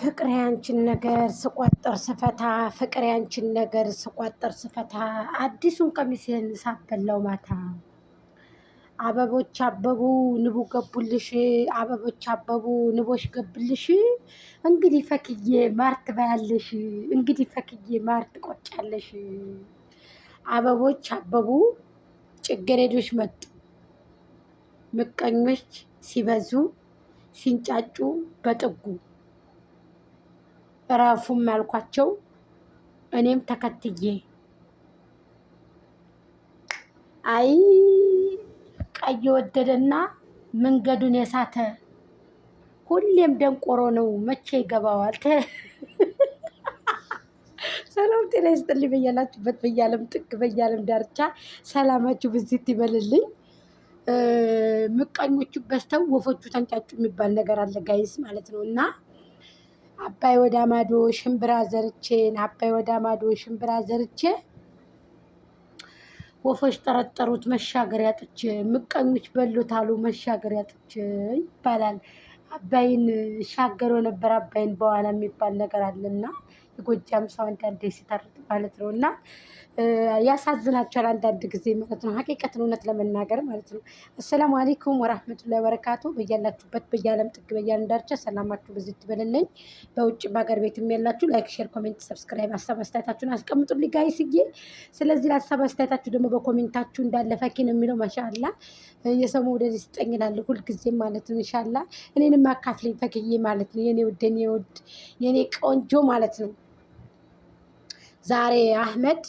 ፍቅር ያንቺን ነገር ስቋጠር ስፈታ ፍቅር ያንችን ነገር ስቋጠር ስፈታ አዲሱን ቀሚሴን ሳበላው ማታ አበቦች አበቡ ንቡ ገቡልሽ አበቦች አበቡ ንቦች ገቡልሽ እንግዲህ ፈክዬ ማር ትበያለሽ እንግዲህ ፈክዬ ማር ትቆጫለሽ አበቦች አበቡ ጭገሬዶች መጡ ምቀኞች ሲበዙ ሲንጫጩ በጥጉ እረፉም ያልኳቸው እኔም ተከትዬ አይ ቀይ ወደደና መንገዱን የሳተ ሁሌም ደንቆሮ ነው፣ መቼ ይገባዋል። ሰላም ጤና ይስጥልኝ በያላችሁበት በያለም ጥግ በያለም ዳርቻ ሰላማችሁ ብዝት ይበልልኝ። ምቀኞቹ በስተው ወፎቹ ተንጫጩ የሚባል ነገር አለ ጋይስ ማለት ነው እና አባይ ወደ አማዶ ሽምብራ ዘርቼን አባይ ወደ አማዶ ሽምብራ ዘርቼ ወፎች ጠረጠሩት መሻገሪያ ጥቼ፣ ምቀኞች በሉት አሉ መሻገሪያ ጥቼ ይባላል። አባይን ሻገሮ ነበር አባይን በኋላ የሚባል ነገር አለና የጎጃም ሰው አንዳንድ ሲተርት ማለት ነው እና ያሳዝናቸዋል አንዳንድ ጊዜ ማለት ነው። ሀቂቀትን እውነት ለመናገር ማለት ነው። አሰላሙ አሌይኩም ወራህመቱላሂ ወበረካቱ። በያላችሁበት በየዓለም ጥግ በየዓለም ዳርቻ ሰላማችሁ ብዙ ትበልልኝ። በውጭ በሀገር ቤትም ያላችሁ ላይክ፣ ሼር፣ ኮሜንት፣ ሰብስክራይብ ሀሳብ አስተያየታችሁን አስቀምጡልኝ ጋይስ ዬ ስለዚህ ለሀሳብ አስተያየታችሁ ደግሞ በኮሜንታችሁ እንዳለ ፈኪ ነው የሚለው ማሻላ የሰሙ መውደድ ይስጠኝ እላለሁ ሁልጊዜም ማለት ነው። እንሻላ እኔንም አካፍለኝ ፈኪዬ ማለት ነው የኔ ውድ የኔ ውድ የኔ ቆንጆ ማለት ነው። ዛሬ አህመድ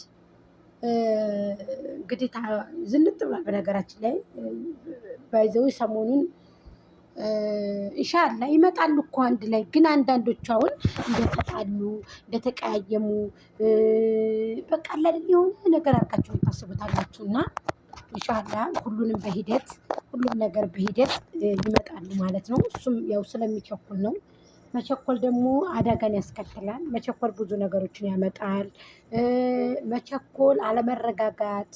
ግዴታ ዝንጥ ብሏል። በነገራችን ላይ ባይዘው ሰሞኑን እንሻላ ይመጣሉ እኮ አንድ ላይ ግን አንዳንዶቹ አሁን እንደተጣሉ እንደተቀያየሙ በቃ ለል የሆነ ነገር አድርጋችሁ ታስቡታላችሁ። እና እንሻላ ሁሉንም በሂደት ሁሉም ነገር በሂደት ይመጣሉ ማለት ነው። እሱም ያው ስለሚቸኩል ነው። መቸኮል ደግሞ አደጋን ያስከትላል። መቸኮል ብዙ ነገሮችን ያመጣል። መቸኮል፣ አለመረጋጋት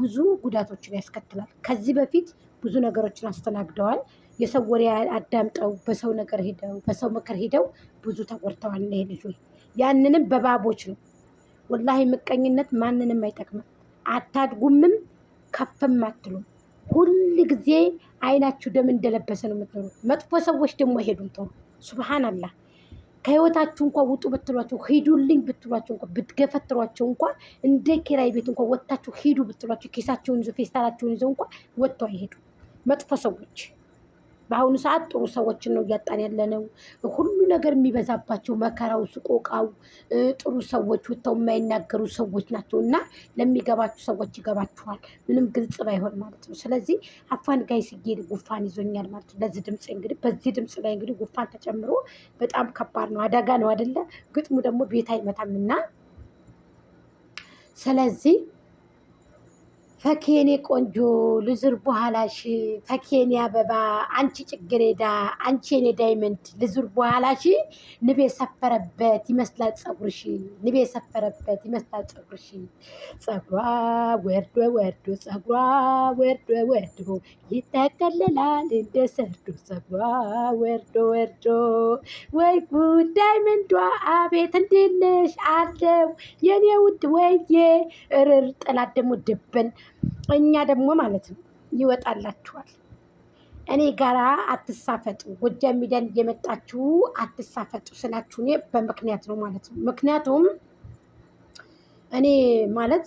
ብዙ ጉዳቶችን ያስከትላል። ከዚህ በፊት ብዙ ነገሮችን አስተናግደዋል። የሰው ወሬ አዳምጠው በሰው ነገር ሄደው በሰው ምክር ሄደው ብዙ ተጎድተዋል። ይሄ ልጆች ያንንም በባቦች ነው። ወላሂ ምቀኝነት ማንንም አይጠቅምም። አታድጉምም፣ ከፍም አትሉም። ሁል ጊዜ አይናችሁ ደም እንደለበሰ ነው የምትኖሩ። መጥፎ ሰዎች ደግሞ አይሄዱም ተው ሱብሃናላህ ከህይወታችሁ እንኳ ውጡ ብትሏቸው ሂዱልኝ ብትሏቸው እንኳ ብትገፈትሯቸው እንኳ እንደ ኪራይ ቤት እንኳ ወጥታችሁ ሂዱ ብትሏቸው ኬሳቸውን ይዞ ፌስታላቸውን ይዘው እንኳ ወጥቶ አይሄዱ መጥፎ ሰዎች። በአሁኑ ሰዓት ጥሩ ሰዎችን ነው እያጣን ያለነው። ሁሉ ነገር የሚበዛባቸው መከራው፣ ስቆቃው፣ ጥሩ ሰዎች ወጥተው የማይናገሩ ሰዎች ናቸው እና ለሚገባችሁ ሰዎች ይገባችኋል። ምንም ግልጽ ባይሆን ማለት ነው። ስለዚህ አፋን ጋይ ስጌድ ጉፋን ይዞኛል ማለት ነው። ለዚህ ድምፅ እንግዲህ በዚህ ድምፅ ላይ እንግዲህ ጉፋን ተጨምሮ በጣም ከባድ ነው፣ አደጋ ነው አደለ? ግጥሙ ደግሞ ቤት አይመታም እና ስለዚህ ፈኬኔ ቆንጆ ልዙር በኋላሽ ፈኬኔ አበባ አንቺ ጭግሬዳ አንቺ ኔ ዳይመንድ ልዙር በኋላሽ ንቤ የሰፈረበት ይመስላል ፀጉርሽ ንቤ የሰፈረበት ይመስላል ፀጉርሽ ፀጉሯ ወርዶ ወርዶ ፀጉሯ ወርዶ ወርዶ ይጠቀለላል እንደ ሰርዶ ፀጉሯ ወርዶ ወርዶ ወይ ጉድ ዳይመንዷ አቤት እንዴት ነሽ አለው የኔ ውድ ወዬ እርር ጥላት ደግሞ ድብን እኛ ደግሞ ማለት ነው ይወጣላችኋል። እኔ ጋራ አትሳፈጡ፣ ጎጃም ሚዲያን እየመጣችሁ አትሳፈጡ ስላችሁ እኔ በምክንያት ነው ማለት ነው። ምክንያቱም እኔ ማለት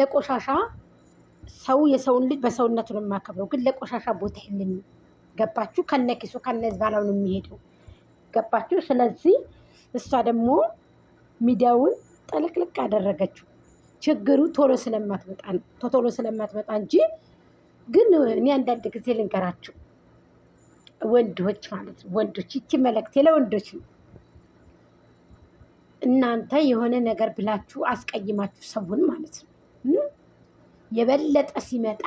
ለቆሻሻ ሰው የሰውን ልጅ በሰውነቱ ነው የማከብረው፣ ግን ለቆሻሻ ቦታ የለኝም። ገባችሁ? ከነ ኪሱ ከነ ዝባላው ነው የሚሄደው። ገባችሁ? ስለዚህ እሷ ደግሞ ሚዲያውን ጥልቅልቅ አደረገችው። ችግሩ ቶሎ ስለማትመጣ ቶሎ ስለማትመጣ እንጂ። ግን እኔ አንዳንድ ጊዜ ልንገራችሁ ወንዶች ማለት ነው ወንዶች፣ ይቺ መልእክቴ ለወንዶች ነው። እናንተ የሆነ ነገር ብላችሁ አስቀይማችሁ ሰውን ማለት ነው የበለጠ ሲመጣ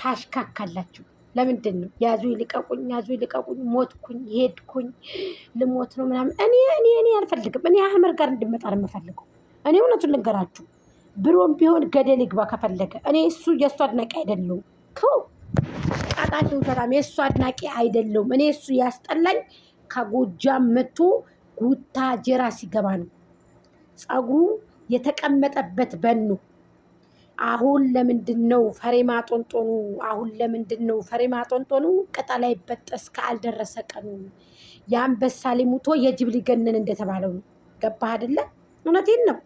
ታሽካካላችሁ። ለምንድን ነው ያዙ ይልቀቁኝ፣ ያዙ ይልቀቁኝ፣ ሞትኩኝ፣ ሄድኩኝ፣ ልሞት ነው ምናምን። እኔ እኔ እኔ አልፈልግም። እኔ አህመር ጋር እንድመጣ ነው የምፈልገው። እኔ እውነቱን ልንገራችሁ ብሮም ቢሆን ገደል ይግባ ከፈለገ። እኔ እሱ የእሱ አድናቂ አይደለሁም። ተው ጣጣፊ ውሸታም፣ የእሱ አድናቂ አይደለሁም። እኔ እሱ ያስጠላኝ ከጎጃም መጥቶ ጉታ ጀራ ሲገባ ነው ፀጉሩ የተቀመጠበት በኑ። አሁን ለምንድን ነው ፈሬማ ጦንጦኑ? አሁን ለምንድን ነው ፈሬማ ጦንጦኑ? ቅጠል አይበጠስ ካልደረሰ ቀኑ የአንበሳ ሊሙቶ የጅብ ሊገነን እንደተባለው ነው። ገባህ አይደለ? እውነቴን ነው።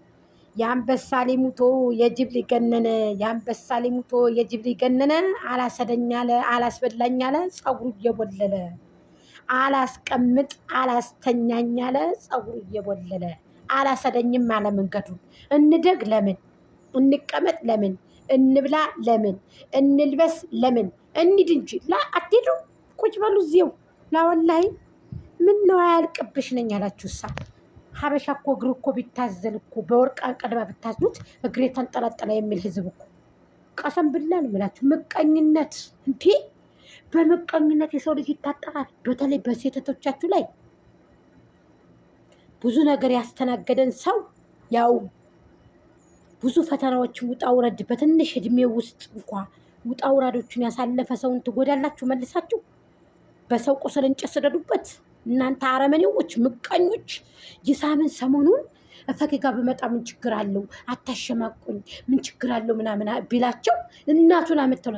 የአንበሳ ሊሙቶ የጅብ ሊገነነ የአንበሳ ሊሙቶ የጅብ ሊገነነ አላሰደኛለ አላስበላኛለ ፀጉሩ እየቦለለ አላስቀምጥ አላስተኛኛለ ፀጉሩ እየቦለለ አላሰደኝም አለ መንገዱ እንደግ ለምን እንቀመጥ ለምን እንብላ ለምን እንልበስ ለምን እንሂድ እንጂ ላ አትሄዱ ቁጭ በሉ እዚው ላወላይ ምን ነው አያልቅብሽ ነኝ አላችሁ ሳ ሀበሻ እኮ እግር እኮ ቢታዘል እኮ በወርቅ አንቀልባ ብታዝኑት እግር ተንጠላጠላ የሚል ህዝብ እኮ ቀሰም ብላ ነው ምቀኝነት እንዴ! በምቀኝነት የሰው ልጅ ይታጠራል። በተለይ በሴተቶቻችሁ ላይ ብዙ ነገር ያስተናገደን ሰው ያው ብዙ ፈተናዎችን ውጣ ውረድ በትንሽ እድሜ ውስጥ እንኳ ውጣ ውረዶችን ያሳለፈ ሰውን ትጎዳላችሁ መልሳችሁ። በሰው ቁስል እንጨት ስደዱበት። እናንተ አረመኔዎች፣ ምቀኞች የሳምን ሰሞኑን ፈኪ ጋር ምን ችግር አለው? አታሸማቁኝ ምን ችግር አለው? ምናምን ቢላቸው እናቱን አመተው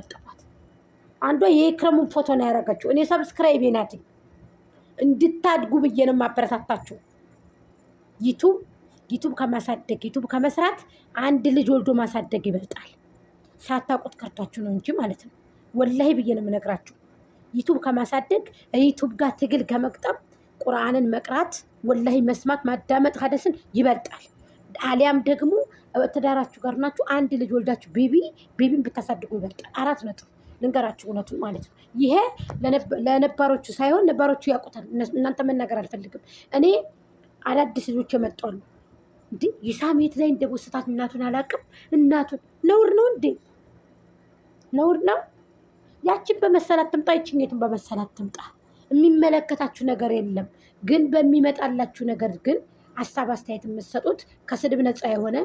አንዷ የክረሙን ፎቶ ነው ያደረገችው። እኔ ሰብስክራይብ ናት እንድታድጉ ብዬ ነው ማበረታታችሁ። ዩቱብ ዩቱብ ከማሳደግ ዩቱብ ከመስራት አንድ ልጅ ወልዶ ማሳደግ ይበልጣል። ሳታውቁት ቀርቷችሁ ነው እንጂ ማለት ነው። ወላሂ ብዬ ነው የምነግራችሁ። ዩቱብ ከማሳደግ ዩቱብ ጋር ትግል ከመቅጠም ቁርአንን መቅራት ወላሂ መስማት ማዳመጥ ሀደስን ይበልጣል። አሊያም ደግሞ ትዳራችሁ ጋር ናችሁ አንድ ልጅ ወልዳችሁ ቤቢ ቤቢን ብታሳድጉ ይበልጣል። አራት ነጥብ ልንገራችሁ እውነቱን ማለት ነው። ይሄ ለነባሮቹ ሳይሆን ነባሮቹ ያውቁታል። እናንተ መናገር አልፈልግም። እኔ አዳዲስ ልጆች የመጡ እንዲ የሳም የት ላይ እንደወሰታት እናቱን አላውቅም። እናቱን ነውር ነው እንዴ? ነውር ነው። ያችን በመሰላት ትምጣ፣ ይችኛቱን በመሰላት ትምጣ። የሚመለከታችሁ ነገር የለም። ግን በሚመጣላችሁ ነገር ግን ሀሳብ አስተያየት የምትሰጡት ከስድብ ነፃ የሆነ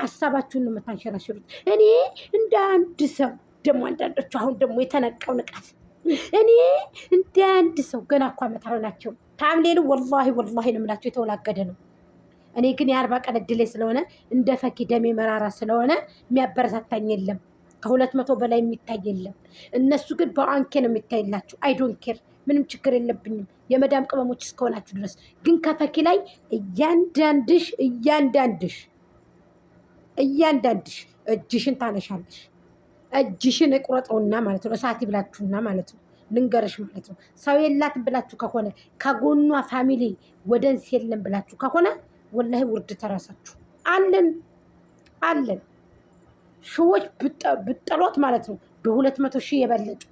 ሀሳባችሁን ነው የምታንሸራሽሩት። እኔ እንደ አንድ ሰው ደግሞ አንዳንዶቹ አሁን ደግሞ የተነቀው ንቃት እኔ እንደ አንድ ሰው ገና እኮ መታረ ናቸው። ታምሌሉ ወላሂ ወላ ነው የምላቸው የተወላገደ ነው። እኔ ግን የአርባ ቀን እድሌ ስለሆነ እንደ ፈኪ ደሜ መራራ ስለሆነ የሚያበረታታኝ የለም። ከሁለት መቶ በላይ የሚታይ የለም። እነሱ ግን በአንኬ ነው የሚታይላቸው። አይዶን ኬር ምንም ችግር የለብኝም የመዳም ቅመሞች እስከሆናችሁ ድረስ ግን ከፈኪ ላይ እያንዳንድሽ እያንዳንድሽ እያንዳንድሽ እጅሽን ታነሻለሽ። እጅሽን እቁረጠውና ማለት ነው እሳት ይብላችሁና ማለት ነው ልንገርሽ ማለት ነው ሰው የላትም ብላችሁ ከሆነ ከጎኗ ፋሚሊ ወደንስ የለም ብላችሁ ከሆነ ወላሂ ውርድ ተራሳችሁ አለን አለን ሺዎች ብጠሎት ማለት ነው። በሁለት መቶ ሺህ የበለጡ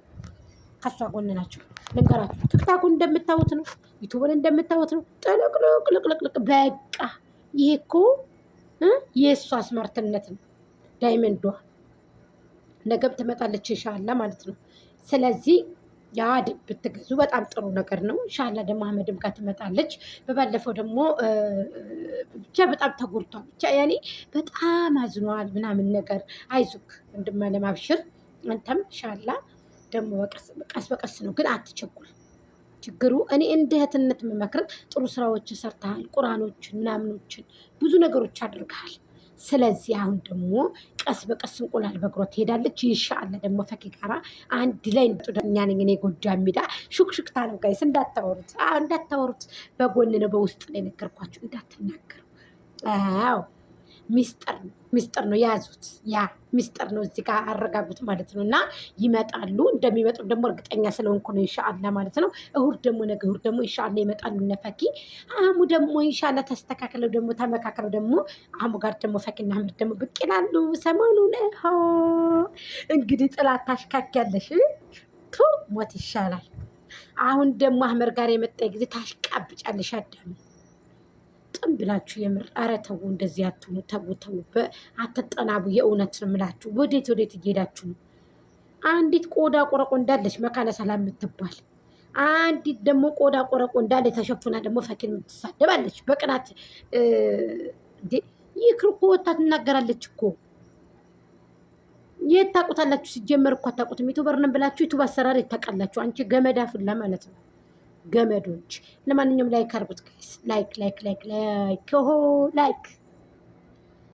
ከሷ ጎን ናቸው። ልንገራችሁ ትክታኩን እንደምታዩት ነው። ዩቱብን እንደምታወት ነው። ጥልቅልቅልቅልቅልቅ በቃ ይሄ እኮ የእሷ ስማርትነት ነው። ዳይመንዷ ነገብ ትመጣለች ይሻላ ማለት ነው። ስለዚህ የአድብ ብትገዙ በጣም ጥሩ ነገር ነው። እንሻላ ደግሞ አህመድም ጋር ትመጣለች። በባለፈው ደግሞ ብቻ በጣም ተጎድቷል። ብቻ ያኔ በጣም አዝኗል ምናምን ነገር አይዞክ ወንድማ ለማብሽር አንተም ሻላ ደግሞ ቀስ በቀስ ነው፣ ግን አትቸኩል። ችግሩ እኔ እንደ እህትነት የምመክር ጥሩ ስራዎችን ሰርተሃል፣ ቁራኖችን ምናምኖችን ብዙ ነገሮች አድርገሃል። ስለዚህ አሁን ደግሞ ቀስ በቀስ እንቁላል በግሮ ትሄዳለች። ይሻለ ደግሞ ፈኪ ጋራ አንድ ላይ እኛ ነኝ እኔ ጎጃም ሚዳ ሹክሹክታ ነው። ጋይስ እንዳታወሩት፣ እንዳታወሩት በጎን ነው በውስጥ ላይ ነገርኳችሁ እንዳትናገሩ። አዎ ሚስጥር ነው ሚስጥር ነው ያዙት። ያ ሚስጥር ነው እዚህ ጋር አረጋጉት ማለት ነው። እና ይመጣሉ። እንደሚመጡ ደግሞ እርግጠኛ ስለሆንኩ ነው ኢንሻአላ ማለት ነው። እሁድ ደግሞ ነገ እሁድ ደግሞ ኢንሻአላ ይመጣሉ እነ ፈኪ አህሙ ደግሞ ኢንሻአላ ተስተካክለው ደግሞ ተመካክለው ደግሞ አህሙ ጋር ደግሞ ፈኪና አህመድ ደግሞ ብቅ ይላሉ። ሰሞኑን እንግዲህ ጥላት ታሽካኪያለሽ ቱ ሞት ይሻላል። አሁን ደግሞ አህመድ ጋር የመጣ ጊዜ ታሽቃብጫለሽ አዳሚ ጥም ብላችሁ የምር ኧረ ተው፣ እንደዚህ አትሆኑ፣ ተው ተው፣ አትጠናቡ። የእውነት ነው የምላችሁ። ወዴት ወዴት እየሄዳችሁ ነው? አንዲት ቆዳ ቆረቆ እንዳለች መካነ ሰላም የምትባል አንዲት ደግሞ ቆዳ ቆረቆ እንዳለ ተሸፍና ደግሞ ፈኪን የምትሳደባለች በቅናት ይህ ክር እኮ ወታ ትናገራለች እኮ የት ታውቁታላችሁ? ሲጀመር እኮ አታውቁትም። ዩቱበር ነን ብላችሁ ዩቱብ አሰራር የታውቃላችሁ። አንቺ ገመዳ ፍላ ማለት ነው። ገመዶች። ለማንኛውም ላይክ አርጉት ጋይስ፣ ላይክ ላይክ ላይክ ላይክ ላይክ